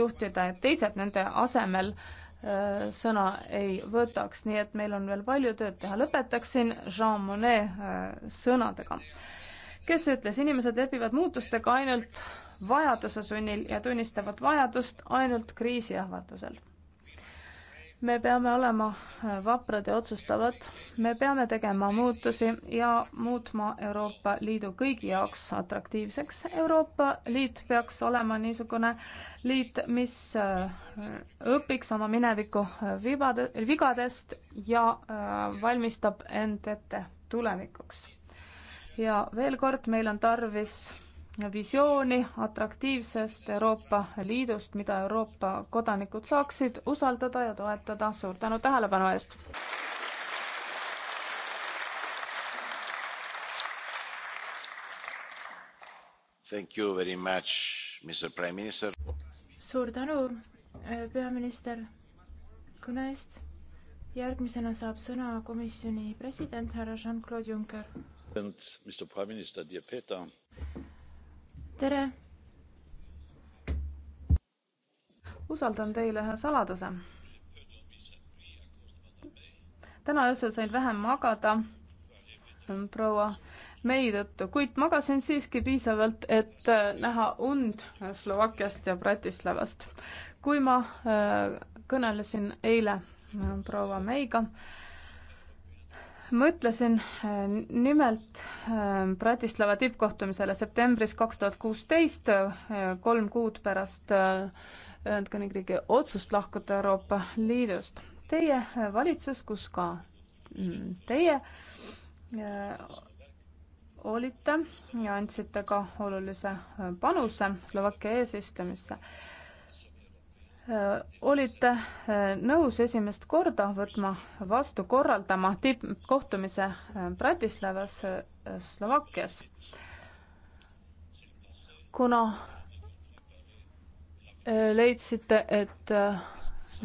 C: juhtida, et teised nende asemel äh, Äh, sõna ei võtaks, nii et meil on veel palju tööd teha. lõpetaksin Jean Monnet äh, sõnadega, kes ütles, inimesed lepivad muutustega ainult vajaduse sunnil ja tunnistavad vajadust ainult kriisi ähvardusel me peame olema äh, vaprad ja otsustavad. me peame tegema muutusi ja muutma Euroopa Liidu kõigi jaoks atraktiivseks. Euroopa Liit peaks olema niisugune liit, mis äh, õpiks oma mineviku äh, vibade, vigadest ja valmistab end ette tulevikuks. ja veel kord, meil on tarvis visiooni atraktiivsest Euroopa Liidust, mida Euroopa kodanikud saaksid usaldada ja toetada. suur tänu tähelepanu eest!
B: Much, suur tänu, eh, peaminister, kõne eest. järgmisena saab sõna komisjoni president härra Jean-Claude Juncker tere! usaldan
C: teile ühe saladuse. täna öösel sain vähem magada mm, proua May tõttu, kuid magasin siiski piisavalt, et äh, näha und Slovakkiast ja Bratislavast. kui ma äh, kõnelesin eile mm, proua Mayga, mõtlesin äh, nimelt äh, Bratislava tippkohtumisele septembris kaks tuhat kuusteist, äh, kolm kuud pärast Ühendkuningriigi otsust lahkuda Euroopa Liidust. Teie valitsus, kus ka mm, teie olite ja andsite ka olulise panuse Slovakkia eesistumisse Äh, olite äh, nõus esimest korda võtma vastu korraldama tippkohtumise äh, Bratislavas Slovakkias. kuna leidsite, et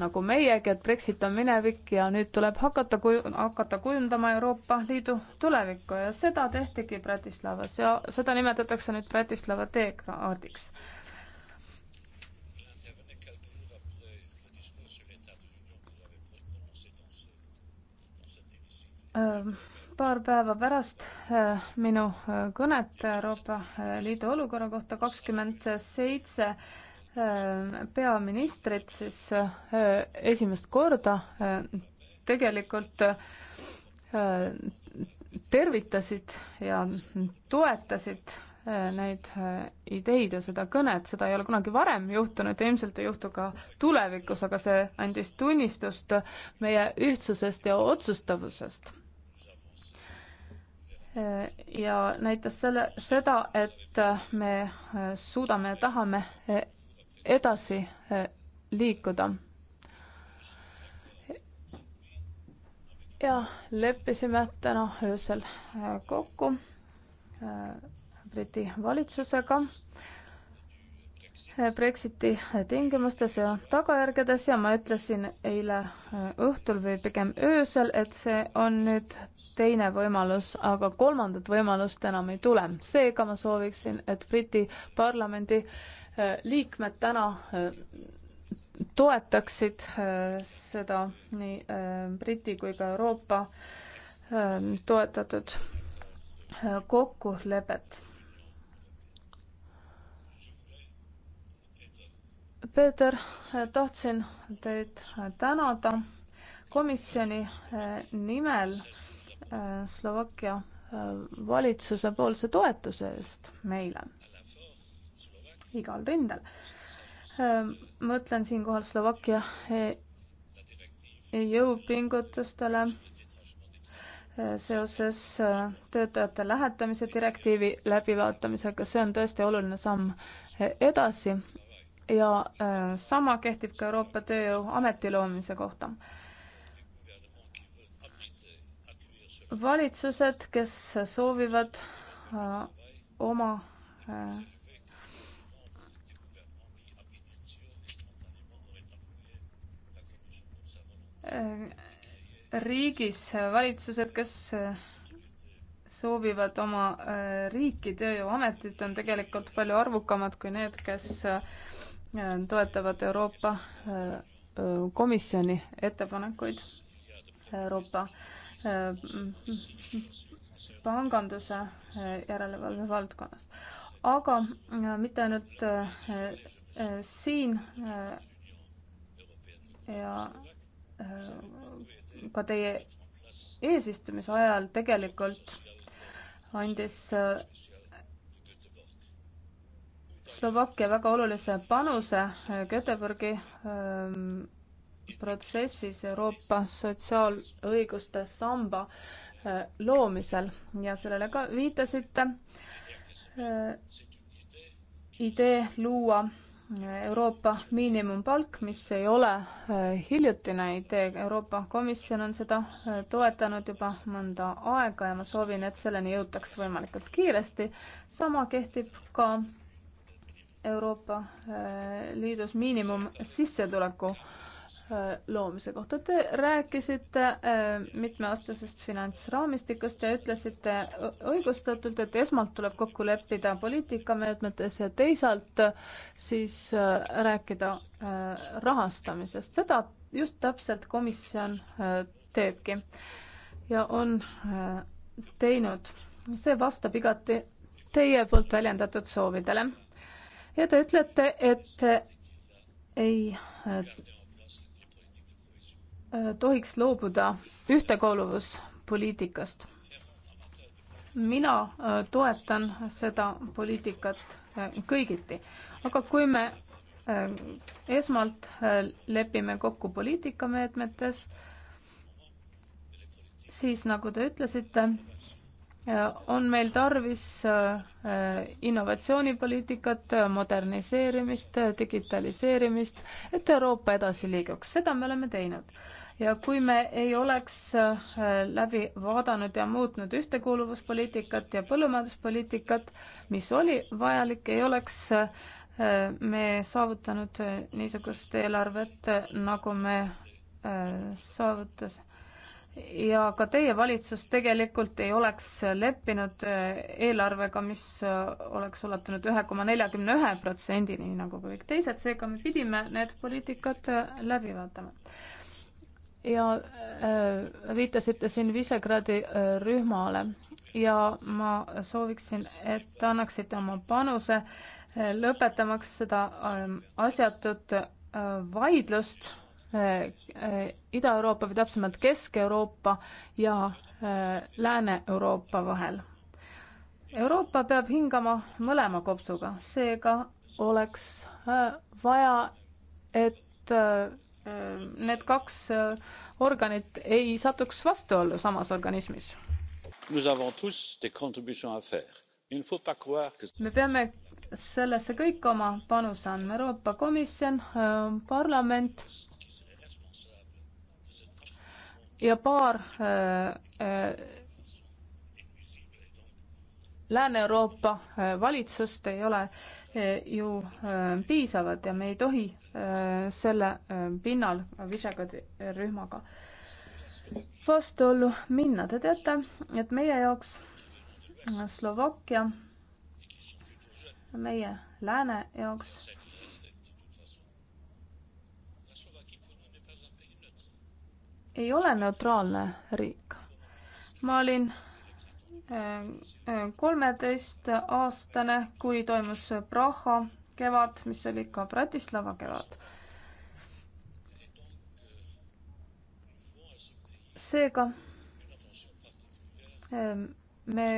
C: nagu meiegi, et Brexit on minevik ja nüüd tuleb hakata kuju-, hakata kujundama Euroopa Liidu tulevikku ja seda tehtigi Bratislavas ja seda nimetatakse nüüd Bratislava teekaardiks Äh, paar päeva pärast äh, minu äh, kõnet Euroopa Liidu olukorra kohta kakskümmend seitse peaministrit siis esimest korda tegelikult tervitasid ja toetasid neid ideid ja seda kõnet, seda ei ole kunagi varem juhtunud ja ilmselt ei juhtu ka tulevikus, aga see andis tunnistust meie ühtsusest ja otsustavusest ja näitas selle, seda, et me suudame ja tahame edasi liikuda. ja leppisime täna öösel kokku äh, Briti valitsusega Brexiti tingimustes ja tagajärgedes ja ma ütlesin eile äh, õhtul või pigem öösel, et see on nüüd teine võimalus, aga kolmandat võimalust enam ei tule. seega ma sooviksin, et Briti parlamendi äh, liikmed täna äh, toetaksid seda nii Briti kui ka Euroopa toetatud kokkulepet Peeter, tahtsin teid tänada komisjoni eh, nimel eh, Slovakkia eh, valitsuse poolse toetuse eest meile igal rindel. mõtlen siinkohal Slovakkia jõupingutustele seoses töötajate lähetamise direktiivi läbivaatamisega, see on tõesti oluline samm edasi ja äh, sama kehtib ka Euroopa Tööjõuameti loomise kohta. valitsused, kes soovivad äh, oma äh, riigis valitsused, kes soovivad oma riiki tööjõuametit, on tegelikult palju arvukamad kui need, kes toetavad Euroopa äh, Komisjoni ettepanekuid Euroopa äh, panganduse äh, järelevalve valdkonnas. aga mitte ainult siin ja ka teie eesistumise ajal tegelikult andis Slovakkia väga olulise panuse äh, Göteborgi ähm, protsessis Euroopa sotsiaalõiguste samba äh, loomisel ja sellele ka viitasite äh,. idee luua äh, Euroopa miinimumpalk, mis ei ole äh, hiljutine idee, Euroopa Komisjon on seda toetanud juba mõnda aega ja ma soovin, et selleni jõutaks võimalikult kiiresti. sama kehtib ka Euroopa äh, Liidus miinimumsissetuleku äh, loomise kohta. Te rääkisite äh, mitmeaastasest finantsraamistikust ja ütlesite õigustatult, et esmalt tuleb kokku leppida poliitikameetmetes ja teisalt siis rääkida rahastamisest. seda just täpselt komisjon teebki ja on teinud. see vastab igati teie poolt väljendatud soovidele ja te ütlete, et ei äh, tohiks loobuda ühtekuuluvuspoliitikast. mina äh, toetan seda poliitikat äh, kõigiti, aga kui me esmalt lepime kokku poliitikameetmetes, siis nagu te ütlesite, on meil tarvis äh, innovatsioonipoliitikat, moderniseerimist, digitaliseerimist, et Euroopa edasi liiguks, seda me oleme teinud ja kui me ei oleks äh, läbi vaadanud ja muutnud ühtekuuluvuspoliitikat ja põllumajanduspoliitikat, mis oli vajalik, ei oleks äh, me saavutanud niisugust eelarvet, nagu me saavutasime ja ka teie valitsus tegelikult ei oleks leppinud äh, eelarvega, mis äh, oleks ulatunud ühe koma neljakümne ühe protsendini, nagu kõik teised, seega me pidime need poliitikad äh, läbi vaatama. ja äh, viitasite siin Visegradi äh, rühmale ja ma sooviksin, et annaksite oma panuse äh, lõpetamaks seda äh, asjatut äh, vaidlust Äh, Ida-Euroopa või täpsemalt Kesk-Euroopa ja äh, Lääne-Euroopa vahel. Euroopa peab hingama mõlema kopsuga, seega oleks äh, vaja, et need kaks organit ei satuks vastuollu samas organismis. me peame sellesse kõik oma panuse andma, Euroopa Komisjon, parlament ja paar äh, äh, Lääne-Euroopa äh, valitsust ei ole äh, ju äh, piisavad ja me ei tohi selle pinnal Visegradi rühmaga vastuollu minna. Te teate, et meie jaoks Slovakkia, meie lääne jaoks ei ole neutraalne riik. ma olin äh, kolmeteistaastane, kui toimus Praha kevad, mis oli ka Bratislava kevad. seega äh, me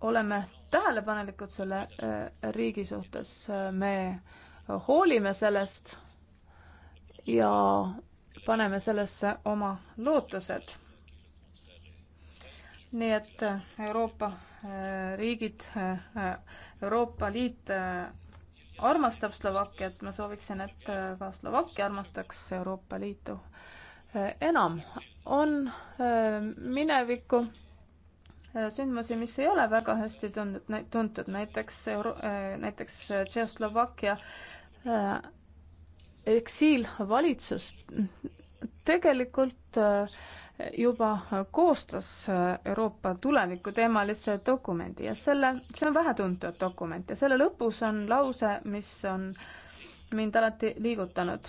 C: oleme tähelepanelikud selle äh, riigi suhtes, me hoolime sellest ja paneme sellesse oma lootused. nii et eh, Euroopa eh, riigid, eh, Euroopa Liit armastab Slovakkiat, ma sooviksin, et ka Slovakkia armastaks Euroopa Liitu enam. on minevikku sündmusi, mis ei ole väga hästi tundnud, tuntud, näiteks Euro-, näiteks Tšehhoslovakkia eksiilvalitsus tegelikult äh, juba koostas äh, Euroopa tuleviku teemalise dokumendi ja selle, see on vähetuntud dokument ja selle lõpus on lause, mis on mind alati liigutanud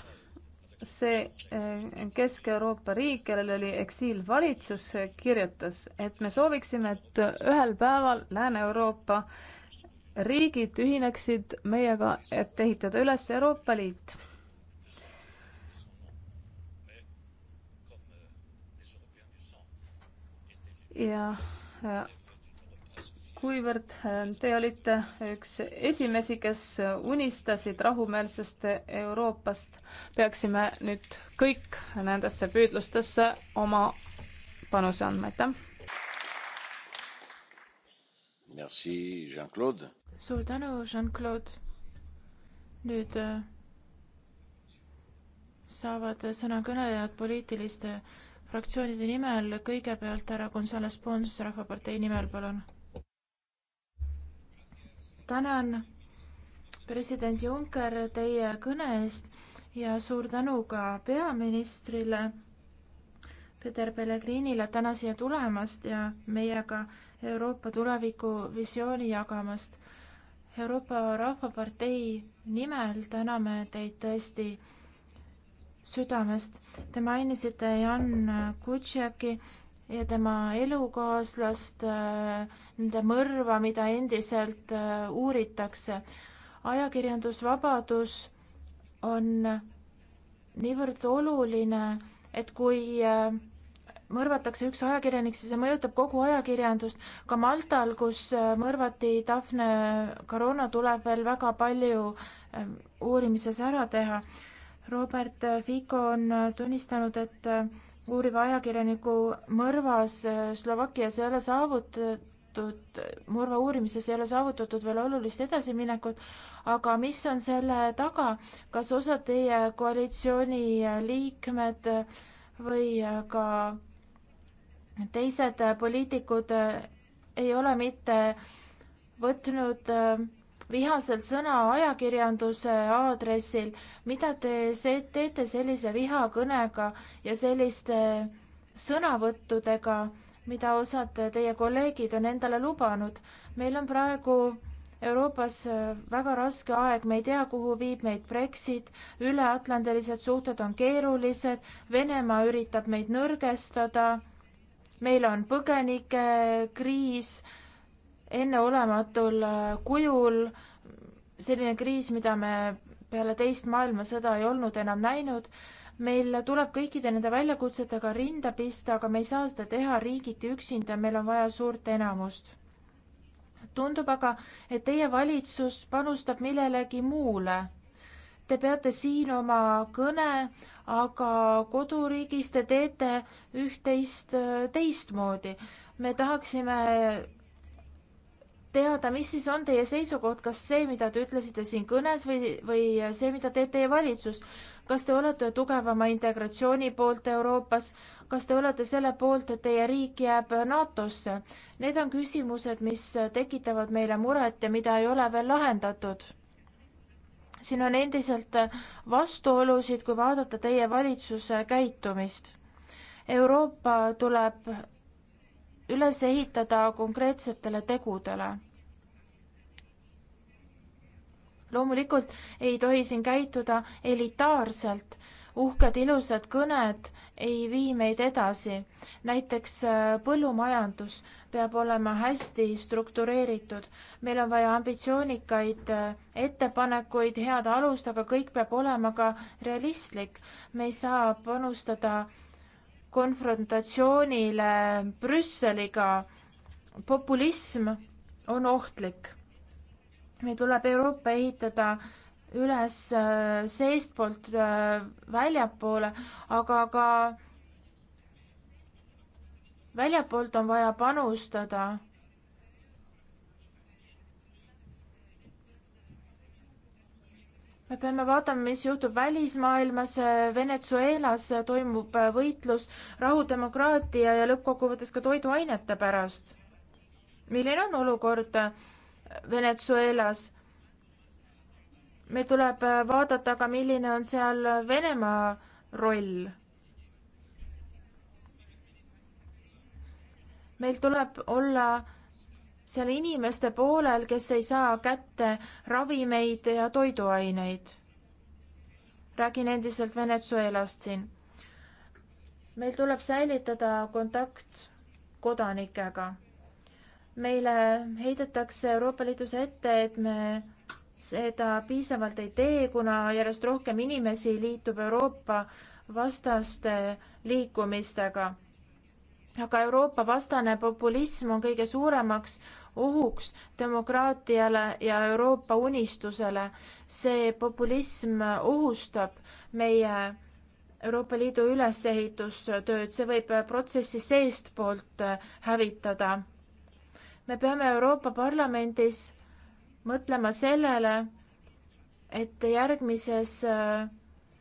C: see äh, Kesk-Euroopa riik, kellel oli eksiilvalitsus, kirjutas, et me sooviksime, et ühel päeval Lääne-Euroopa riigid ühineksid meiega, et ehitada üles Euroopa Liit. ja äh, kuivõrd äh, te olite üks esimesi, kes unistasid rahumeelsest Euroopast, peaksime nüüd kõik nendesse püüdlustesse oma
B: panuse andma, aitäh. Merci, Jean-Claude. suur tänu, Jean-Claude. nüüd äh, saavad sõna kõnelejad poliitiliste fraktsioonide nimel, kõigepealt härra Gonzales Pons Rahvapartei nimel, palun. tänan, president Juncker, teie kõne eest ja suur tänu ka peaministrile Peter Pellegrinile täna siia tulemast ja meiega Euroopa tuleviku visiooni jagamast. Euroopa Rahvapartei nimel täname teid tõesti südamest. Te mainisite Jan Kutšeki ja tema elukaaslast, nende mõrva, mida endiselt äh, uuritakse. ajakirjandusvabadus on niivõrd oluline, et kui äh, mõrvatakse üks ajakirjanik, siis see mõjutab kogu ajakirjandust. ka Maltal, kus äh, mõrvati Daphne Caruana, tuleb veel väga palju uurimises ära teha Robert Fico on tunnistanud, et uuriva ajakirjaniku mõrvas Slovakkias ei ole saavutatud, mõrva uurimises ei ole saavutatud veel olulist edasiminekut, aga mis on selle taga, kas osad teie koalitsiooni liikmed või ka teised poliitikud ei ole mitte võtnud vihasel sõna ajakirjanduse aadressil, mida te see, teete sellise vihakõnega ja selliste sõnavõttudega, mida osad teie kolleegid on endale lubanud. meil on praegu Euroopas väga raske aeg, me ei tea, kuhu viib meid Brexit, üleatlandilised suhted on keerulised, Venemaa üritab meid nõrgestada, meil on põgenikekriis enneolematul äh, kujul selline kriis, mida me peale teist maailmasõda ei olnud enam näinud. meil tuleb kõikide nende väljakutsetega rinda pista, aga me ei saa seda teha riigiti üksinda, meil on vaja suurt enamust. tundub aga, et teie valitsus panustab millelegi muule. Te peate siin oma kõne, aga koduriigis te teete üht-teist äh, teistmoodi. me tahaksime teada, mis siis on teie seisukoht, kas see, mida te ütlesite siin kõnes või, või see, mida teeb teie valitsus? kas te olete tugevama integratsiooni poolt Euroopas, kas te olete selle poolt, et teie riik jääb NATO-sse? Need on küsimused, mis tekitavad meile muret ja mida ei ole veel lahendatud. siin on endiselt vastuolusid, kui vaadata teie valitsuse käitumist. Euroopa tuleb üles ehitada konkreetsetele tegudele. loomulikult ei tohi siin käituda elitaarselt, uhked ilusad kõned ei vii meid edasi. näiteks äh, põllumajandus peab olema hästi struktureeritud, meil on vaja ambitsioonikaid äh, ettepanekuid, head alust, aga kõik peab olema ka realistlik. me ei saa panustada konfrontatsioonile Brüsseliga. populism on ohtlik. meil tuleb Euroopa ehitada üles äh, seestpoolt äh, väljapoole, aga ka väljapoolt on vaja panustada me peame vaatama, mis juhtub välismaailmas, Venezuelas toimub võitlus rahu, demokraatia ja lõppkokkuvõttes ka toiduainete pärast. milline on olukord Venezuelas? meil tuleb vaadata ka, milline on seal Venemaa roll. meil tuleb olla seal inimeste poolel, kes ei saa kätte ravimeid ja toiduaineid. räägin endiselt Venezuelast siin. meil tuleb säilitada kontakt kodanikega. meile heidetakse Euroopa Liidus ette, et me seda piisavalt ei tee, kuna järjest rohkem inimesi liitub Euroopa vastaste liikumistega aga Euroopa vastane populism on kõige suuremaks ohuks demokraatiale ja Euroopa unistusele. see populism ohustab meie Euroopa Liidu ülesehitustööd, see võib protsessi seestpoolt hävitada. me peame Euroopa Parlamendis mõtlema sellele, et järgmises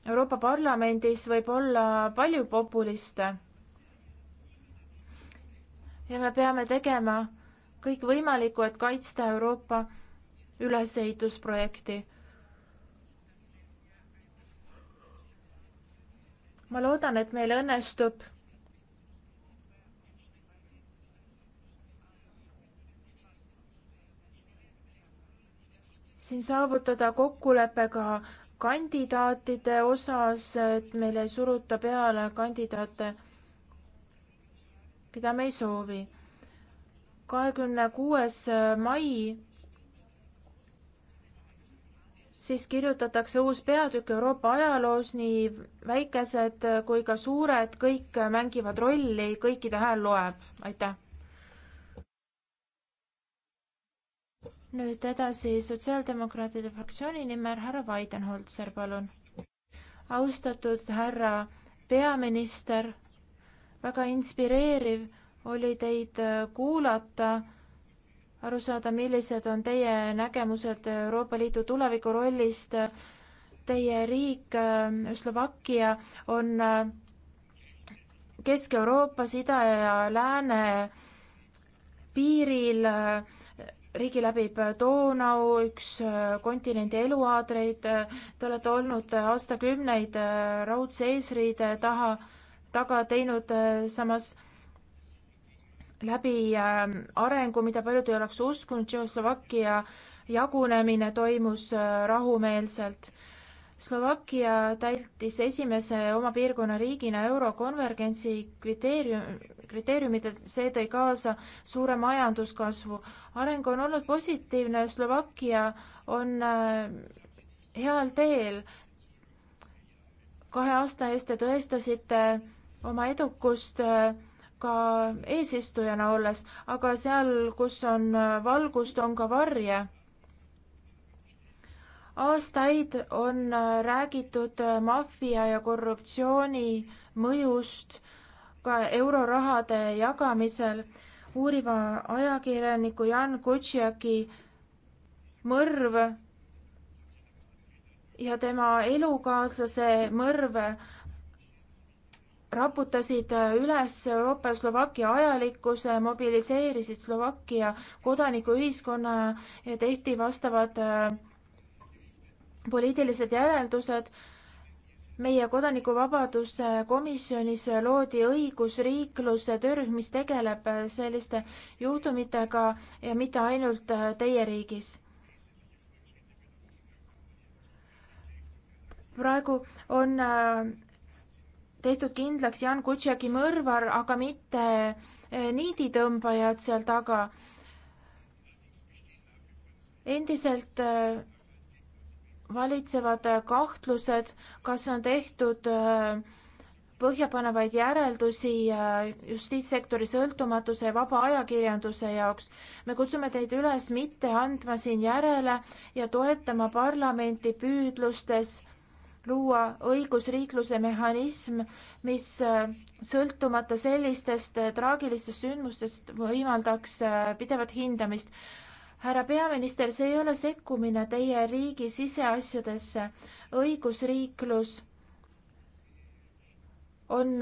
B: Euroopa Parlamendis võib olla palju populiste ja me peame tegema kõik võimalikku, et kaitsta Euroopa ülesehitusprojekti. ma loodan, et meil õnnestub siin saavutada kokkulepe ka kandidaatide osas, et meile ei suruta peale kandidaate keda me ei soovi. kahekümne kuues äh, mai siis kirjutatakse uus peatükk Euroopa ajaloos, nii väikesed äh, kui ka suured, kõik äh, mängivad rolli, kõikide hääl loeb, aitäh. nüüd edasi Sotsiaaldemokraatide fraktsiooni nimel härra Weidenholzer, palun. austatud härra peaminister väga inspireeriv oli teid äh, kuulata, aru saada, millised on teie nägemused Euroopa Liidu tuleviku rollist. Teie riik, äh, Slovakkia, on äh, Kesk-Euroopas, ida ja lääne piiril riigi läbib Donau, üks kontinendi eluaadreid. Te olete olnud aastakümneid raudse eesriide taha taga teinud äh, samas läbi äh, arengu, mida paljud ei oleks uskunud, Tšehhoslovakkia jagunemine toimus äh, rahumeelselt. Slovakkia täitis esimese oma piirkonna riigina eurokonvergentsi kriteerium, kriteeriumid, et see tõi kaasa suure majanduskasvu. areng on olnud positiivne, Slovakkia on heal teel. kahe aasta eest te tõestasite oma edukust äh, ka eesistujana olles, aga seal, kus on äh, valgust, on ka varje. aastaid on äh, räägitud maffia ja korruptsiooni mõjust ka eurorahade jagamisel. uuriva ajakirjaniku Jan Kutšiaki mõrv ja tema elukaaslase mõrv raputasid äh, üles Euroopa ja Slovakkia ajalikkuse, mobiliseerisid Slovakkia kodanikuühiskonna ja tehti vastavad äh, poliitilised järeldused. meie kodanikuvabaduse komisjonis loodi õigusriikluse töörühm, mis tegeleb äh, selliste juhtumitega ja mitte ainult teie riigis praegu on tehtud kindlaks Jan Kutšeki mõrvar, aga mitte eh, niiditõmbajad seal taga. endiselt eh, valitsevad eh, kahtlused, kas on tehtud põhjapanevaid järeldusi justiitssektori sõltumatuse ja vaba ajakirjanduse jaoks. me kutsume teid üles mitte andma siin järele ja toetama parlamenti püüdlustes luua õigusriikluse mehhanism, mis äh, sõltumata sellistest äh, traagilistest sündmustest võimaldaks äh, pidevat hindamist. härra peaminister, see ei ole sekkumine teie riigi siseasjadesse. õigusriiklus on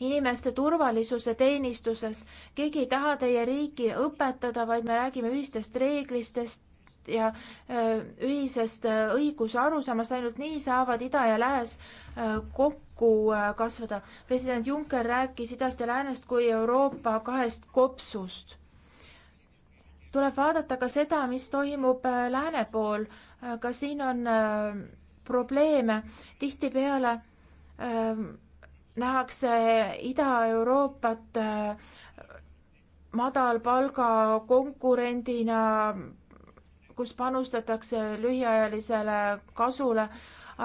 B: inimeste turvalisuse teenistuses. keegi ei taha teie riiki õpetada, vaid me räägime ühistest reeglistest, ühtsest ja äh, ühisest äh, õiguse arusaamast, ainult nii saavad ida ja lääs äh, kokku kasvada. president Juncker rääkis idast ja läänest kui Euroopa kahest kopsust. tuleb vaadata ka seda, mis toimub lääne pool, ka siin on probleeme, tihtipeale ähm, nähakse Ida-Euroopat madalpalga konkurendina, kus panustatakse lühiajalisele kasule,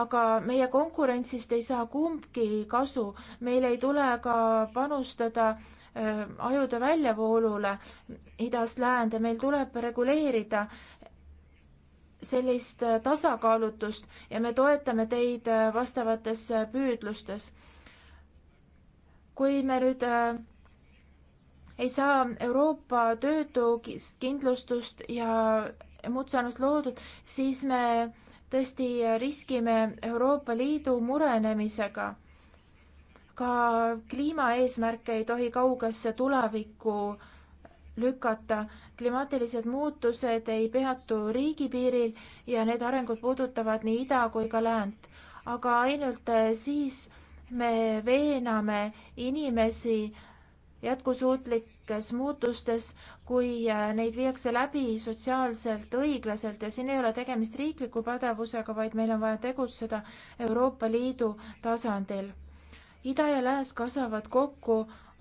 B: aga meie konkurentsist ei saa kumbki kasu, meil ei tule ka panustada äh, ajude väljavoolule idast läände, meil tuleb reguleerida sellist äh, tasakaalutust ja me toetame teid äh, vastavates püüdlustes. kui me nüüd ei saa Euroopa töötukindlustust ja mutsaanust loodud, siis me tõesti riskime Euroopa Liidu murenemisega. ka kliimaeesmärke ei tohi kaugesse tulevikku lükata. klimaatilised muutused ei peatu riigipiiril ja need arengud puudutavad nii ida kui ka läänt. aga ainult siis me veename inimesi jätkusuutlikes muutustes, kui äh, neid viiakse läbi sotsiaalselt õiglaselt ja siin ei ole tegemist riikliku pädevusega, vaid meil on vaja tegutseda Euroopa Liidu tasandil. ida ja lääs kasvavad kokku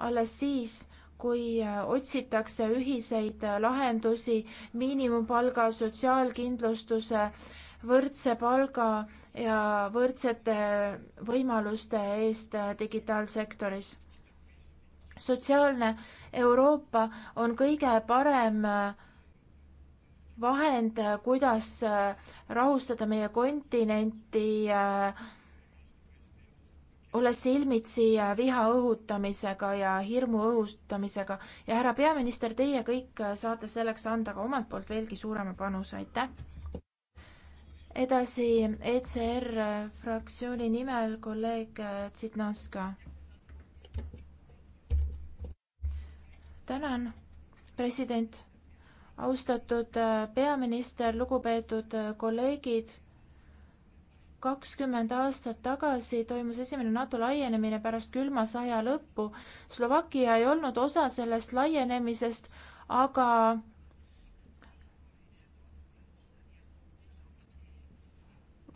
B: alles siis, kui äh, otsitakse ühiseid äh, lahendusi miinimumpalga, sotsiaalkindlustuse, võrdse palga ja võrdsete võimaluste eest digitaalsektoris sotsiaalne Euroopa on kõige parem äh, vahend, äh, kuidas äh, rahustada meie kontinenti, olles silmitsi viha õhutamisega ja hirmu õhutamisega. ja härra peaminister, teie kõik saate selleks anda ka omalt poolt veelgi suurema panuse, aitäh! edasi ECR fraktsiooni nimel kolleeg Tsitnaska tänan, president, austatud äh, peaminister, lugupeetud äh, kolleegid. kakskümmend aastat tagasi toimus esimene NATO laienemine pärast külma sõja lõppu. Slovakkia ei olnud osa sellest laienemisest, aga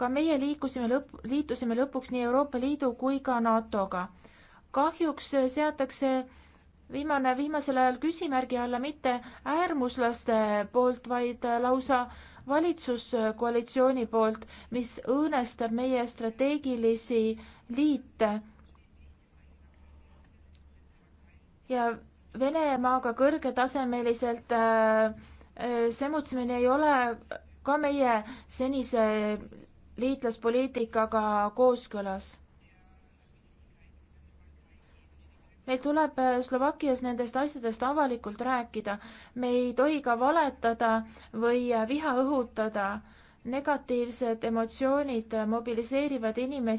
B: ka meie liikusime lõpp, liitusime lõpuks nii Euroopa Liidu kui ka NATO-ga. kahjuks seatakse viimane viimasel ajal küsimärgi alla mitte äärmuslaste poolt, vaid lausa valitsuskoalitsiooni poolt, mis õõnestab meie strateegilisi liite. ja Venemaaga kõrgetasemeliselt äh, äh semutsemine ei ole ka meie senise liitlaspoliitikaga kooskõlas meil tuleb äh, Slovakkias nendest asjadest avalikult rääkida. me ei tohi ka valetada või äh, viha õhutada negatiivsed emotsioonid mobiliseerivad inimesi